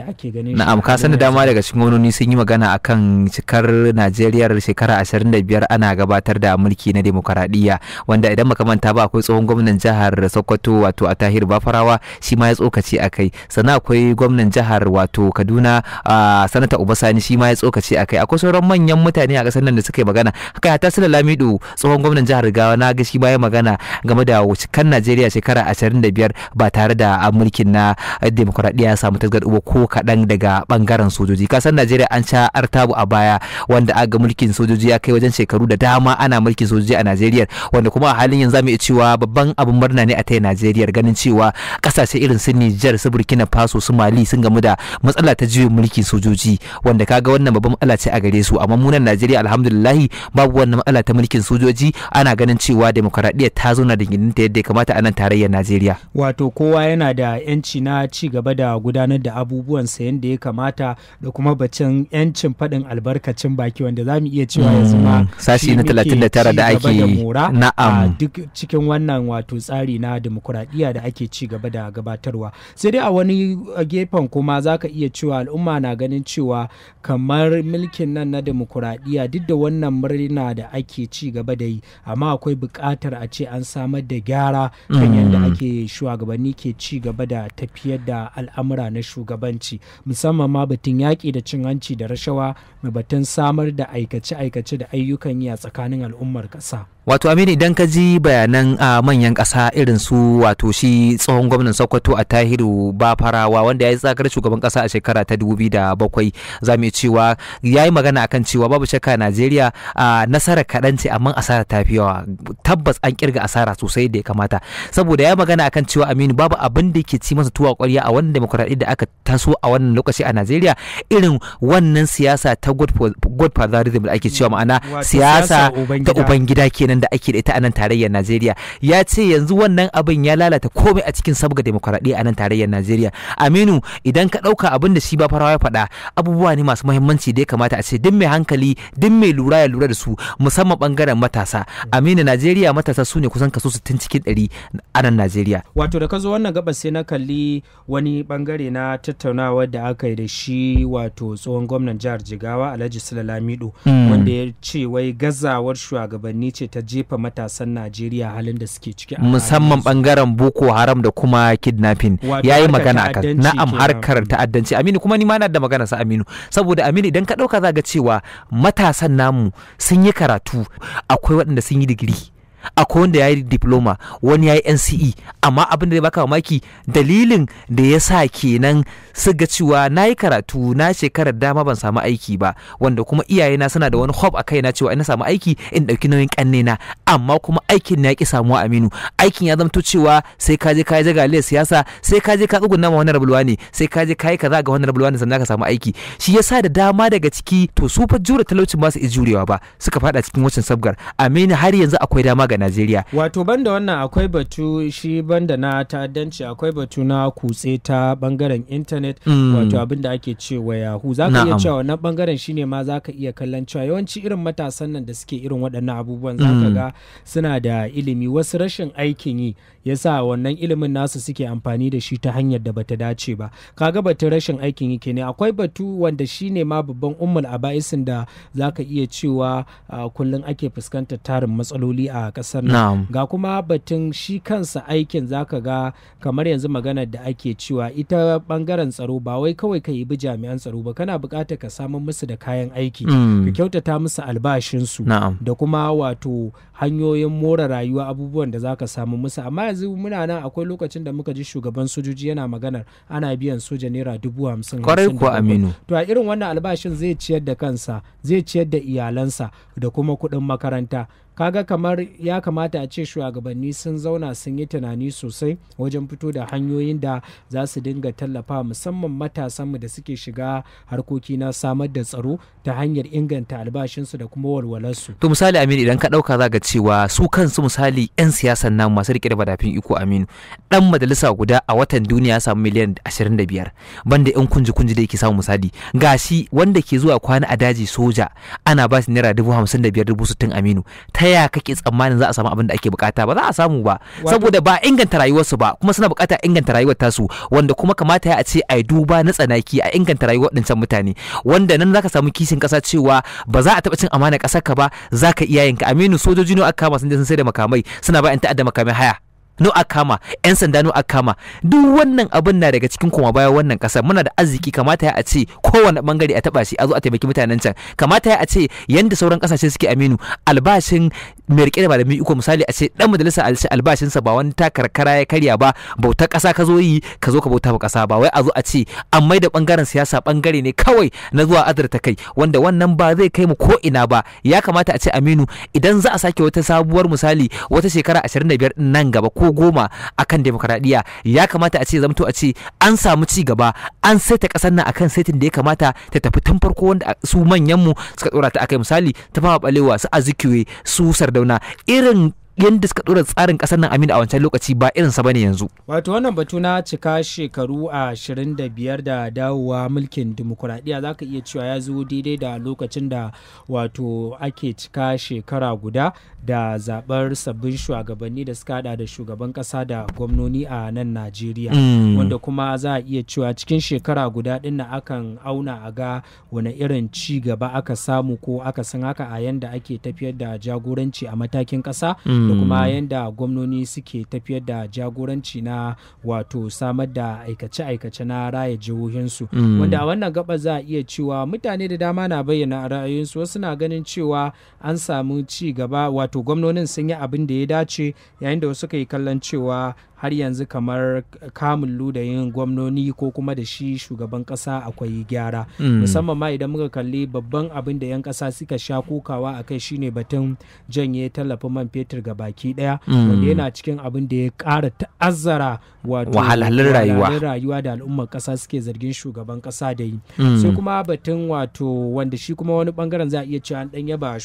da ake ganin na'am ka sani dama daga cikin gwamnoni sun yi magana akan cikar Najeriya shekara 25 ana gabatar da mulki na demokaradiyya wanda idan makamanta ba akwai tsohon gwamnan jihar Sokoto wato tahir Bafarawa shi ma ya tsokaci akai sannan akwai gwamnan jihar wato Kaduna a sanata Obasani shi ma ya tsokaci akai akwai sauran manyan mutane a kasar nan da suka yi magana haka ta Sula Lamido tsohon gwamnan jihar Gawa na ga shi ma ya magana game da cikan Najeriya shekara 25 ba tare da mulkin na demokaradiyya ya samu tasgar uba ko kaɗan daga ɓangaren sojoji kasan najeriya an sha artabu a baya wanda aga mulkin sojoji ya kai wajen shekaru da dama ana mulkin sojoji a najeriya wanda kuma a halin yanzu mu iya cewa babban abin murna ne a ta'i najeriya ganin cewa ƙasashe irin su nijar su burkina faso su mali sun gamu da matsala ta juyin mulkin sojoji wanda kaga wannan babban matsala ce a gare su amma munan najeriya alhamdulillah babu wannan matsala ta mulkin sojoji ana ganin cewa demokaradiyya ta zo na dinginta yadda ya kamata a nan tarayyar najeriya wato kowa yana da yanci na ci gaba da gudanar da abubuwan abubuwansa yadda ya kamata da kuma bacin yancin faɗin albarkacin baki wanda za mu iya cewa yanzu ma mm, sashi na 39 da ake na'am duk cikin wannan wato tsari na demokuraɗiyya da ake ci gaba da gabatarwa sai dai a wani gefen kuma za ka iya cewa al'umma na ganin cewa kamar mulkin nan na demokuraɗiyya duk da wannan murna da ake ci gaba da yi amma akwai buƙatar a ce an samar da gyara kan yadda mm. ake shugabanni ke ci gaba da tafiyar da al'amura na shugabanci hukunci musamman ma batun yaƙi da cin hanci da rashawa da batun samar da aikace-aikace da ayyukan yi a tsakanin al'ummar ƙasa. wato aminu idan ka ji bayanan a manyan ƙasa irin su wato shi tsohon gwamnan sokoto a tahiru ba farawa wanda ya yi tsakar shugaban ƙasa a shekara ta 2007 za mu cewa ya yi magana akan cewa babu shakka najeriya a nasara kaɗan ce amma asara ta fi yawa tabbas an kirga asara sosai da ya kamata saboda ya magana akan cewa aminu babu abin da ke ci masa tuwa ƙwarya a wannan demokuraɗiyya da aka taso a wannan lokaci a najeriya irin wannan siyasa ta godfatherism da ake cewa ma'ana siyasa ta ubangida kenan da ake da ita a nan tarayyar Najeriya ya ce yanzu wannan abin ya lalata komai a cikin sabga demokradiyya a nan tarayyar Najeriya Aminu idan ka ɗauka abin da shi ba farawa ya faɗa abubuwa ne masu muhimmanci da ya kamata a ce duk mai hankali duk mai lura ya lura da su musamman bangaren matasa Aminu Najeriya matasa su ne kusan kaso 60 cikin 100 a nan Najeriya wato da ka zo wannan gabas sai na kalli wani bangare na tattaunawa da aka yi da shi wato tsohon gwamnan jihar Jigawa Alhaji Sula Lamido mm. wanda ya ce wai gazawar shugabanni ce ta ta jefa matasan Najeriya halin da suke ciki musamman bangaren Boko Haram da kuma kidnapping yayi magana akan na'am harkar ta'addanci Aminu kuma ni ma na da magana sa Aminu saboda Aminu idan ka dauka zaka cewa matasan namu sun yi karatu akwai waɗanda sun yi digiri akwai wanda ya yi diploma wani ya yi nce amma abin da ya baka mamaki dalilin da ya sa kenan su ga cewa na yi karatu na shekarar dama ban samu aiki ba wanda kuma iyayena suna da wani hob a kai na cewa ina samu aiki in ɗauki nauyin na amma kuma aikin na ki samuwa aminu aikin ya zamto cewa sai ka je ka yi jagaliyar siyasa sai ka je ka tsuguna ma wani rabulwa ne sai ka je ka yi kaza ga wani rabulwa ne sannan ka samu aiki shi yasa da dama daga ciki to su fa jure talaucin ba su iya jurewa ba suka faɗa cikin wacin sabgar aminu har yanzu akwai dama ga Najeriya. Wato banda wannan akwai batu shi banda na ta'addanci akwai batu na kutse ta bangaren intanet mm. wato abin da ake cewa yahu za ka iya cewa wannan bangaren shine ma za ka iya kallon cewa yawanci irin matasan nan da suke irin waɗannan abubuwan za ka mm. ga suna da ilimi wasu rashin aikin yi yasa wannan ilimin nasu suke amfani da shi ta hanyar da bata dace ba kaga batun rashin aikin yake ne akwai batu wanda shi ne ma babban ummul aba'isin da zaka iya cewa kullum ake fuskantar tarin matsaloli a kasar nan ga kuma batun shi kansa aikin zaka ga kamar yanzu maganar da ake cewa ita bangaren tsaro ba wai kawai ka yi bi jami'an tsaro ba kana bukatar ka samun musu da kayan aiki mm. ka kyautata musu albashinsu da kuma wato hanyoyin more rayuwa abubuwan da zaka samu musu amma yanzu muna nan akwai lokacin da muka ji shugaban sojoji yana maganar ana biyan soja naira dubu hamsin kwarai ko aminu to a irin wannan albashin zai ciyar da kansa zai ciyar da iyalansa da kuma kuɗin makaranta kaga kamar ya kamata a ce shugabanni sun zauna sun yi tunani sosai wajen fito da hanyoyin da za su dinga tallafa musamman matasanmu da suke shiga harkoki na samar da tsaro ta hanyar inganta albashinsu da kuma walwalarsu. to misali aminu idan ka ɗauka za ga cewa su kansu misali 'yan siyasan nan masu riƙe da madafin iko aminu ɗan majalisa guda a watan duniya ya samu miliyan 25 banda 'yan kunji kunji da yake samu misali gashi wanda ke zuwa kwana a daji soja ana ba shi naira dubu da biyar dubu aminu ta ya kake tsammanin za a samu abin da ake bukata ba za a samu ba saboda ba inganta rayuwarsu ba kuma suna bukata inganta rayuwar tasu wanda kuma kamata ya a ce a duba na tsanaki a inganta rayuwar dincan mutane wanda nan zaka samu kishin ƙasa cewa ba za a taɓa cin amana kasar ka ba zaka iyayenka aminu sojoji ne aka kama sun je sun sai da makamai suna ba ta'adda makamai haya no a yan sanda no a kama duk wannan abin na daga cikin koma baya wannan kasar muna da arziki kamata ya a ce kowane bangare a taba shi a zo a taimaki mutanen can kamata ya a ce yanda sauran kasashe suke aminu albashin mai rike da malami iko misali a ce dan majalisa sa ba wani takarkara ya karya ba bautar kasa ka zo yi ka zo ka bauta ba kasa ba wai a zo a ce an da bangaren siyasa bangare ne kawai na zuwa azurta kai wanda wannan ba zai kai mu ko ina ba ya kamata a ce aminu idan za a sake wata sabuwar misali wata shekara 25 nan gaba ko goma akan demokradiya ya kamata a ce zamto a ce an samu ci gaba an saita kasar nan akan saitin da ya kamata ta tafi tun farko wanda su manyan mu suka dora ta akai misali ta fama balewa su azikiwe su sarda Maradona irin yadda suka dora tsarin kasar nan amina a wancan lokaci ba irin sa bane yanzu wato wannan batu na cika shekaru ashirin da biyar da dawowa mulkin dimokuraɗiyya ka iya cewa ya zo daidai da lokacin da wato ake cika shekara guda da zabar sabbin shugabanni da suka hada da shugaban kasa da gwamnoni a nan Najeriya mm. wanda kuma za a iya cewa cikin shekara guda din na akan auna a ga wani irin ci gaba aka samu ko aka san haka a yanda ake tafiyar da jagoranci a matakin kasa mm. da kuma hmm. yadda gwamnoni suke tafiyar da jagoranci na wato samar da aikace-aikace na raya jihohinsu hmm. wanda a wannan gaba za a iya cewa mutane da dama na bayyana ra'ayoyinsu wasu na ganin cewa an samu ci gaba wato gwamnonin sun yi abin da ya dace yayin da wasu yi kallon cewa har yanzu kamar kamun yin gwamnoni ko kuma da shi shugaban kasa akwai gyara mm. musamman ma idan muka kalli babban abin da 'yan kasa suka sha kokawa a kai shine batun janye tallafin man fetur ga baki daya mm. wanda yana cikin abin da ya kara ta'azzara wato wahalhalun rayuwa da al'ummar kasa suke zargin shugaban kasa da yi mm. sai kuma batun wato wanda shi kuma wani bangaren za a iya cewa an dan yaba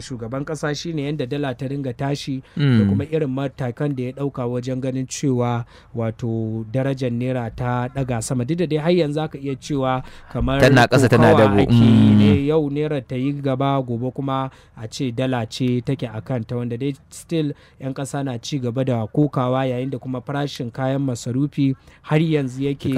shugaban kasa shine yadda dala ta ringa tashi da kuma irin matakan da ya dauka wajen ganin cewa wato darajar naira ta daga sama duk da dai har yanzu aka iya cewa kamar tana kasa tana dabo ne mm. yau naira ta yi gaba gobe kuma a ce dala ce take akan ta wanda dai still yan kasa na ci gaba da kokawa yayin da kuma farashin kayan masarufi har yanzu yake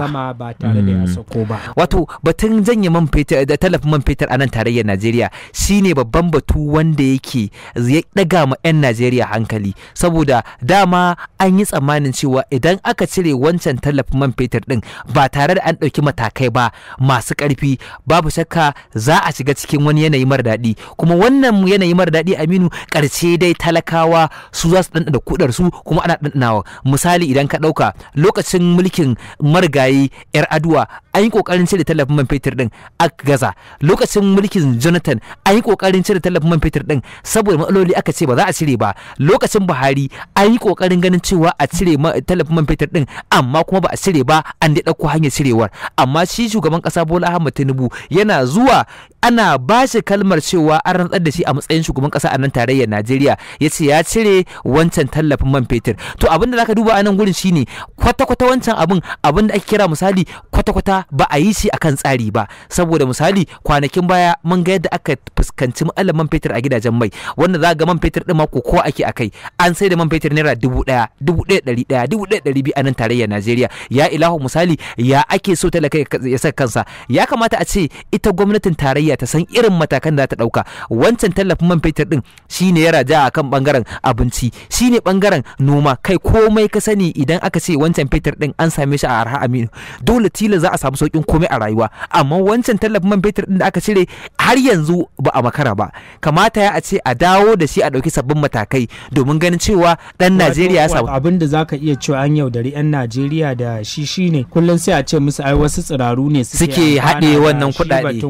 sama ba tare da ya mm. sako ba wato batun janye man fetur da talafin man fetur a nan tarayyar Najeriya shine babban batu wanda yake ya daga ma 'yan Najeriya hankali saboda dama an an yi tsammanin cewa idan aka cire wancan tallafin man fetur din ba tare da an ɗauki matakai ba masu ƙarfi babu shakka za a shiga cikin wani yanayi mara daɗi kuma wannan yanayi mara daɗi aminu ƙarshe dai talakawa su za su ɗanɗana kuɗar su kuma ana ɗanɗanawa misali idan ka ɗauka lokacin mulkin marigayi 'yar aduwa an yi kokarin cire tallafin man fetur din a gaza lokacin mulkin jonathan an yi kokarin cire tallafin man fetur din saboda matsaloli aka ce ba za a cire ba lokacin buhari an yi kokarin ganin cewa a cire tallafin man fetur din amma kuma ba a cire ba an dai dauko hanyar cirewar amma shi shugaban kasa bola ahmad tinubu yana zuwa ana ba shi kalmar cewa an rantsar da shi a matsayin shugaban kasa a nan tarayyar Najeriya ya ce ya cire wancan tallafin man fetur to abin da zaka duba a nan gurin shine kwata kwata wancan abin abin da ake kira misali kwata kwata ba a yi shi akan tsari ba saboda misali kwanakin baya mun ga yadda aka fuskanci matsalar man fetur a gidajen mai wanda za ga man fetur din mako ko ake akai an sai da man fetur naira dubu daya dubu daya dari daya dubu daya dari biyu a nan tarayyar Najeriya ya ilahu misali ya ake so talaka ya saka kansa ya kamata a ce ita gwamnatin tarayya tarayya ta san irin matakan da ta ɗauka wancan tallafin man fetur ɗin shi ne ya raja a kan ɓangaren abinci shi ne ɓangaren noma kai komai ka sani idan aka ce wancan fetur din an same shi a arha aminu dole tila za a samu saukin komai a rayuwa amma wancan tallafin man fetur ɗin da aka cire har yanzu ba a makara ba kamata ya a ce a dawo da shi a ɗauki sabbin matakai domin ganin cewa ɗan najeriya ya samu abin da zaka iya cewa an yaudari 'yan najeriya da shi shine kullum sai a ce musu ai wasu tsiraru ne suke haɗe wannan kuɗaɗe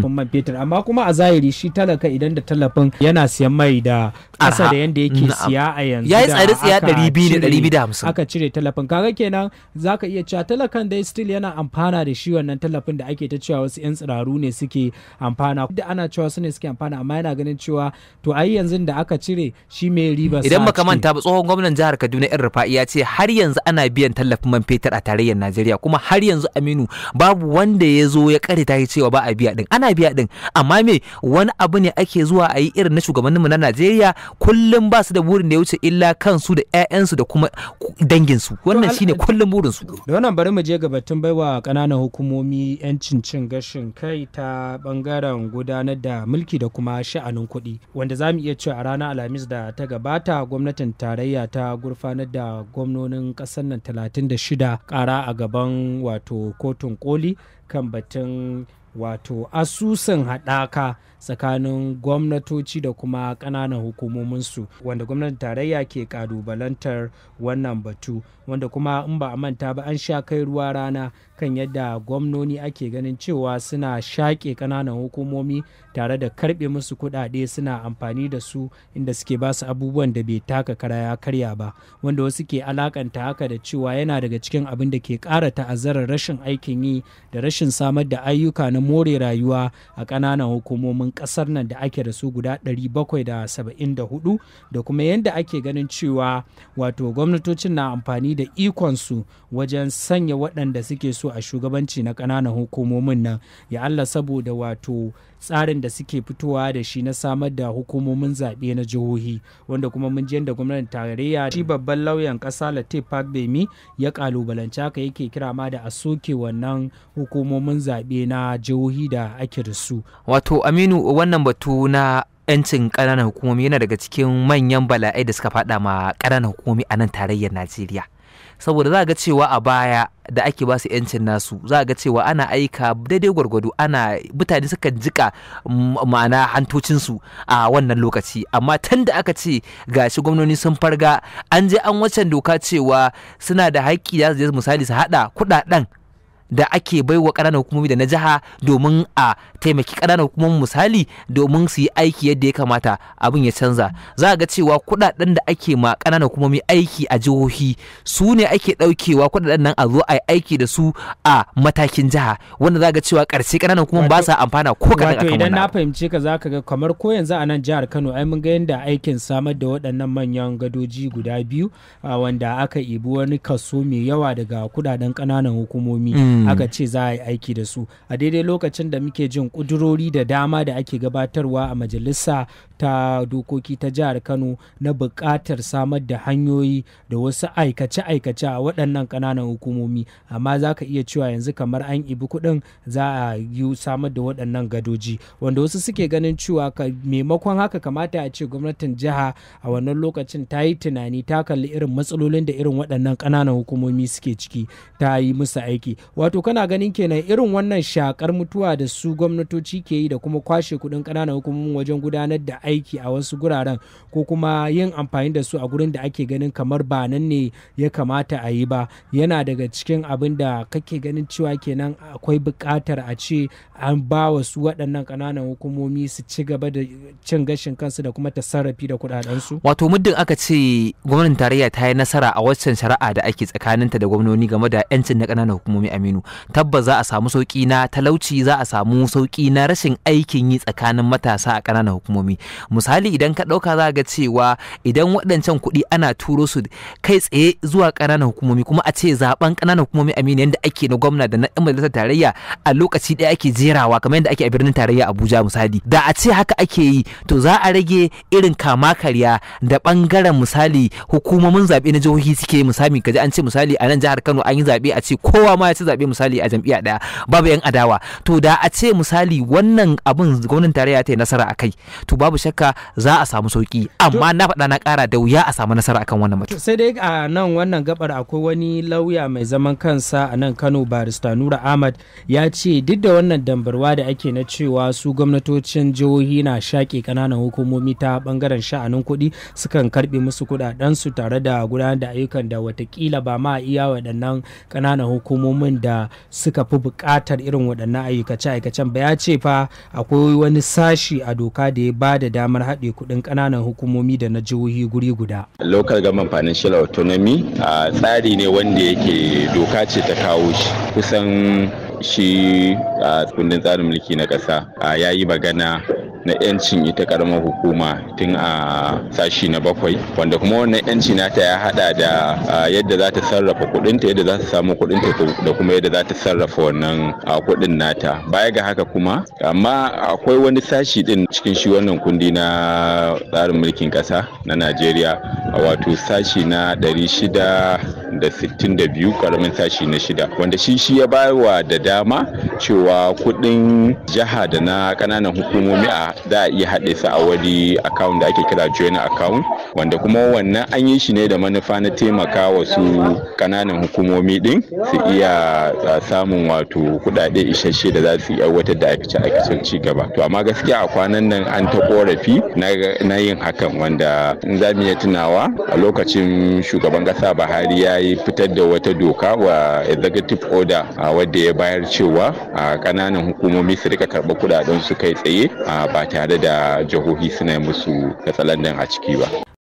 tallafin man fetur amma kuma a zahiri shi talaka idan da tallafin yana siyan mai da ƙasa da yanda yake siya a yanzu ya yi tsari tsiya ɗari biyu da ɗari biyu da hamsin aka cire tallafin kaga kenan za ka iya cewa talakan dai still yana amfana da shi wannan tallafin da ake ta cewa wasu 'yan tsiraru ne suke amfana da ana cewa su ne suke amfana amma yana ganin cewa to ai yanzu da aka cire shi mai riba idan baka manta ba tsohon gwamnan jihar Kaduna yan Rufa'i ya ce har yanzu ana biyan tallafin man fetur a tarayyar Najeriya kuma har yanzu Aminu babu wanda ya zo ya kare ta cewa ba a biya din ana biya din amma me wani abu ne ake zuwa a yi irin na shugabanninmu na Najeriya kullum ba su da burin da ya wuce illa kansu da 'ya'yansu da kuma danginsu wannan shine kullum burinsu da wannan bari mu je ga batun baiwa kananan hukumomi 'yancin cin gashin kai ta bangaren gudanar da mulki da kuma sha'anin kuɗi wanda za mu iya cewa a ranar alhamis da ta gabata gwamnatin tarayya ta gurfanar da gwamnonin ƙasar nan 36 ƙara a gaban wato kotun koli kan batun wato asusun haɗaka tsakanin gwamnatoci da kuma ƙananan hukumominsu wanda gwamnatin tarayya ke ƙalubalantar wannan batu wanda kuma in ba a manta ba an sha kai ruwa rana kan yadda gwamnoni ake ganin cewa suna shaƙe ƙananan hukumomi tare da karɓe musu kuɗaɗe suna amfani da su inda suke ba su abubuwan da bai taka kara ya karya ba wanda wasu ke alakanta haka da cewa yana daga cikin abin da ke ƙara ta'azzarar rashin aikin yi da rashin rashin samar da ayyuka na more rayuwa a ƙananan hukumomin ƙasar nan da ake da su guda 774 da kuma yadda ake ganin cewa wato gwamnatocin na amfani da ikonsu wajen sanya waɗanda suke so a shugabanci na ƙananan hukumomin nan ya Allah saboda wato tsarin da suke fitowa da shi na samar da hukumomin zaɓe na jihohi wanda kuma mun ji yadda gwamnatin tarayya shi babban lauyan ƙasa latif bemi ya kalubalanci haka yake kira ma da a soke wannan hukumomin zaɓe na jihohi da ake da su wato aminu wannan batu na yancin ƙananan hukumomi yana daga cikin manyan bala'ai da suka faɗa ma ƙananan hukumomi a nan tarayyar najeriya saboda za ga cewa a baya da ake ba su yancin nasu za ga cewa ana aika daidai gwargwado ana mutane sukan jika ma'ana hantocinsu a wannan lokaci amma tun da aka ce ga shi gwamnoni sun farga an je an waccan doka cewa suna da haƙƙi za su je misali su haɗa kuɗaɗen da ake baiwa ƙananan hukumomi da na jiha domin a taimaki ƙananan hukumomi misali domin su yi aiki yadda ya kamata abin ya canza za ga cewa kuɗaɗen da ake ma ƙananan hukumomi aiki a jihohi su ne ake ɗaukewa kuɗaɗen nan a zo a yi aiki da su a matakin jiha wanda za ga cewa ƙarshe ƙananan hukumomi ba sa amfana ko kaɗan akan idan na fahimce ka za ka ga kamar ko yanzu a nan jihar Kano ai mun ga yadda aikin samar da waɗannan manyan gadoji guda biyu wanda aka ibi wani kaso mai yawa daga kuɗaɗen ƙananan hukumomi. Mm. Hmm. aka ce za a yi aiki da su a daidai lokacin da muke jin kudurori da dama da ake gabatarwa a majalisa ta dokoki ta jihar kano na buƙatar samar da hanyoyi da wasu aikace-aikace a waɗannan ƙananan hukumomi amma za ka iya cewa yanzu kamar an ibi kuɗin za a yi samar da waɗannan gadoji wanda wasu suke ganin cewa maimakon haka kamata a ce gwamnatin jiha a wannan lokacin ta yi tunani ta kalli irin matsalolin da irin waɗannan ƙananan hukumomi suke ciki ta yi musu aiki wato kana ganin kenan irin wannan shakar mutuwa da su gwamnatoci ke yi da kuma kwashe kuɗin ƙananan hukumomin wajen gudanar da aiki a wasu guraren ko kuma yin amfani da su a gurin da ake ganin kamar ba nan ne ya kamata a yi ba yana daga cikin abin da kake ganin cewa kenan akwai buƙatar a ce an ba wa su waɗannan ƙananan hukumomi su ci gaba da cin gashin kansu da kuma ta sarrafi da kuɗaɗensu. wato muddin aka ce gwamnatin tarayya ta yi nasara a waccan shari'a da ake tsakaninta da gwamnoni game da 'yancin na ƙananan hukumomi aminu tabbas za a samu sauki na talauci za a samu sauki na rashin aikin yi tsakanin matasa a ƙananan hukumomi misali idan ka ɗauka za ga cewa idan waɗancan kuɗi ana turo su kai tsaye zuwa ƙananan hukumomi kuma a ce zaben ƙananan hukumomi amina yadda ake na gwamna da na ɗan tarayya a lokaci ɗaya ake jerawa kamar yadda ake a birnin tarayya abuja misali da a ce haka ake yi to za a rage irin kama karya da ɓangaren misali hukumomin zaɓe na jihohi suke misali kaji an ce misali a nan jihar kano an yi zaɓe a ce kowa ma ya ci zaɓe misali a jam'iyya daya babu yan adawa to da a ce misali wannan abin gwamnatin tarayya ta yi nasara a kai to babu shakka za a samu sauki amma na faɗa na kara da wuya a samu nasara akan wannan mutum sai dai a nan wannan gabar akwai wani lauya mai zaman kansa a nan Kano barista Nura Ahmad ya ce duk da wannan dambarwa da ake na cewa su gwamnatocin jihohi na shaƙe ƙananan hukumomi ta bangaren sha'anin kuɗi sukan karɓe musu kuɗaɗen su tare da gudanar da ayyukan da watakila ba ma iya waɗannan ƙananan hukumomin da suka fi buƙatar irin waɗannan aikace-aikacen ba ya ce fa akwai wani sashi a doka da ya ba da damar haɗe kuɗin ƙananan hukumomi da na jihohi guri guda. Local Government Financial Autonomy a tsari ne wanda yake doka ce ta kawo shi kusan shi a kundin tsarin mulki na ƙasa ya yi magana na 'yancin ita karamar hukuma tun a sashi na bakwai wanda kuma wannan 'yanci nata ya hada da yadda za ta sarrafa kudinta yadda za ta samu kudinta da kuma yadda za ta sarrafa wannan kudin nata baya ga haka kuma amma akwai wani sashi din cikin shi wannan kundi na tsarin mulkin kasa na najeriya wato sashi na shida. da sittin karamin sashi na shida wanda shi shi ya bayarwa da dama cewa kuɗin jiha da na ƙananan hukumomi a za a iya haɗe su a wani account da ake kira join account wanda kuma wannan an yi shi ne da manufa na taimaka wasu ƙananan hukumomi din su iya samun wato kuɗaɗe isasshe da za su aiwatar da aikace aikacen ci gaba to amma gaskiya a kwanan nan an ta korafi na yin hakan wanda in za mu iya tunawa a lokacin shugaban ƙasa Buhari ya yi fitar da wata doka wa executive order wadda ya bayar cewa a kananan hukumomi su rika karɓar kudaden su kai tsaye ba tare da jihohi suna musu katsalandan a ciki ba